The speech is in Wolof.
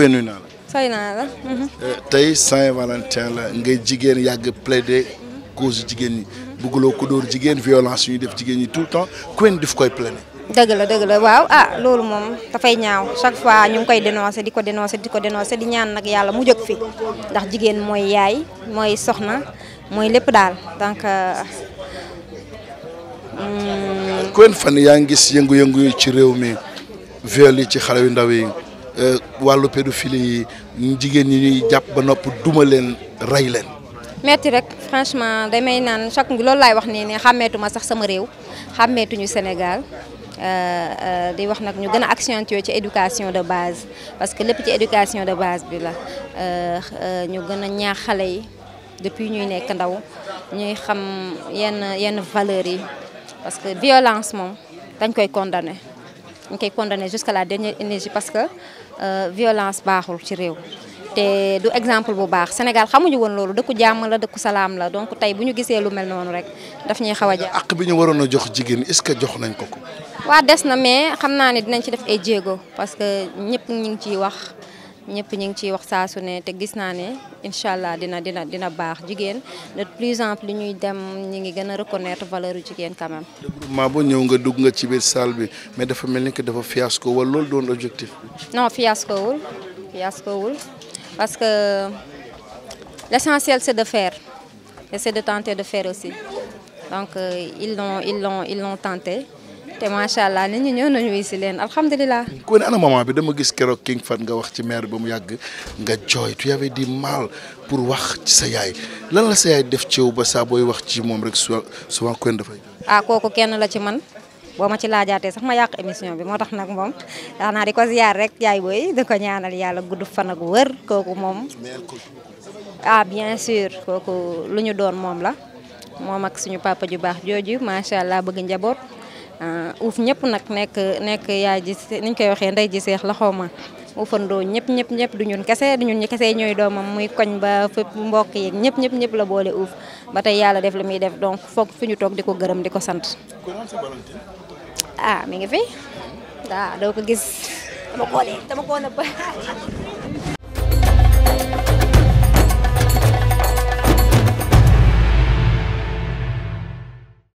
wéy naa la. naa mhm. euh, tey Saint-Valentin la nga jigéen yàgg plaider cause jigéen ñi bëgguloo ko dóor jigéen violence yu ñuy def jigéen ñi tout le temps Queen daf koy plaidé. dëgg la dëgg la waaw ah loolu moom dafay ñaaw chaque fois ñu ngi koy dénoncé di ko dénoncé di ko dénoncé di ñaan nag yàlla mu jóg fi ndax jigéen mooy yaay mooy soxna mooy lépp daal donc. Euh, hmm. Queen fan yaa ngi gis yëngu-yëngu yi ci réew mi viol yi ci xale yu ndaw yi. Euh, wàllu pédophilie yi jigéen ñi ñuy jàpp ba nopp duma leen rey leen. metti rek franchement damay naan chaque loolu laay wax nii ne xàmmeetuma sax sama réew xàmmeetuñu Sénégal euh, euh, di wax nag ñu gën a accentuer ci éducation de base parce que lépp ci éducation de base bi la ñu gën a ñaax xale yi depuis ñuy nekk ndaw ñuy xam yenn yenn valeurs yi parce que violence moom dañ koy condamner. ñu koy condamné jusqu'à la dernière énergie parce que euh, violence baaxul ci réew. te du exemple bu baax Sénégal xamuñu woon loolu dëkku jàmm la dëkku salaam la donc tey bu ñu gisee lu mel noonu rek daf ñuy xaw a jaaxal. ak bi ñu waroon a jox jigéen est-ce que jox nañ ko ko. waa des na mais xam naa ni dinañ ci def ay jéego parce que ñëpp ñu ngi ciy wax. ñëpp ñu ngi ciy wax saa su ne te gis naa ne inshallah dina dina dina baax jigéen de plus en plus ñuy dem ñi ngi gën a reconnaître valeur jigéen quand même. le regroupement bu ñëw nga dugg nga ci biir salle bi mais dafa mel ni que dafa fiasco wala loolu doon objectif non fiasco wul fiasco wul parce que l' essentiel c' est de faire et c' est de tenter de faire aussi donc euh, ils ont ils ont ils ont tenté. te macha allah nit ñi ñoo nañu wuy si leen alhamdulilah. ku ne ana maman bi dama gis keroog King Fat nga wax ci mère ba mu yàgg nga joy tu avais di mal pour wax ci sa yaay lan la sa yaay def ci yow ba sa boy wax ci mom rek souvent souvent kenn ah koku kenn la ci man boo ma ci laajaatee sax ma yaq émission bi motax nak mom dana xanaa di ko ziar rek yaay boy de ko ñaanal yalla gudd fan ak wër koku mom ah bien sûr koku luñu doon mom la mom ak suñu papa ju baax jooju macha allah bëgg njabot Euh, uuf ñëpp nag nekk nekk yaay ji niñ koy waxee ndey ji seex la xaw ma uufandoo ñëpp ñëpp ñëpp du ñun kese du ñun ñu kese ñooy doomam muy koñ ba fépp mbokk yeeg ñëpp ñëpp ñëpp la boole uuf ba tey yàlla def li muy def donc foog fi ñu toog di ko gërëm di ko sant. ah mi ngi fi ah doo ko gis dama koo dama koo nëbb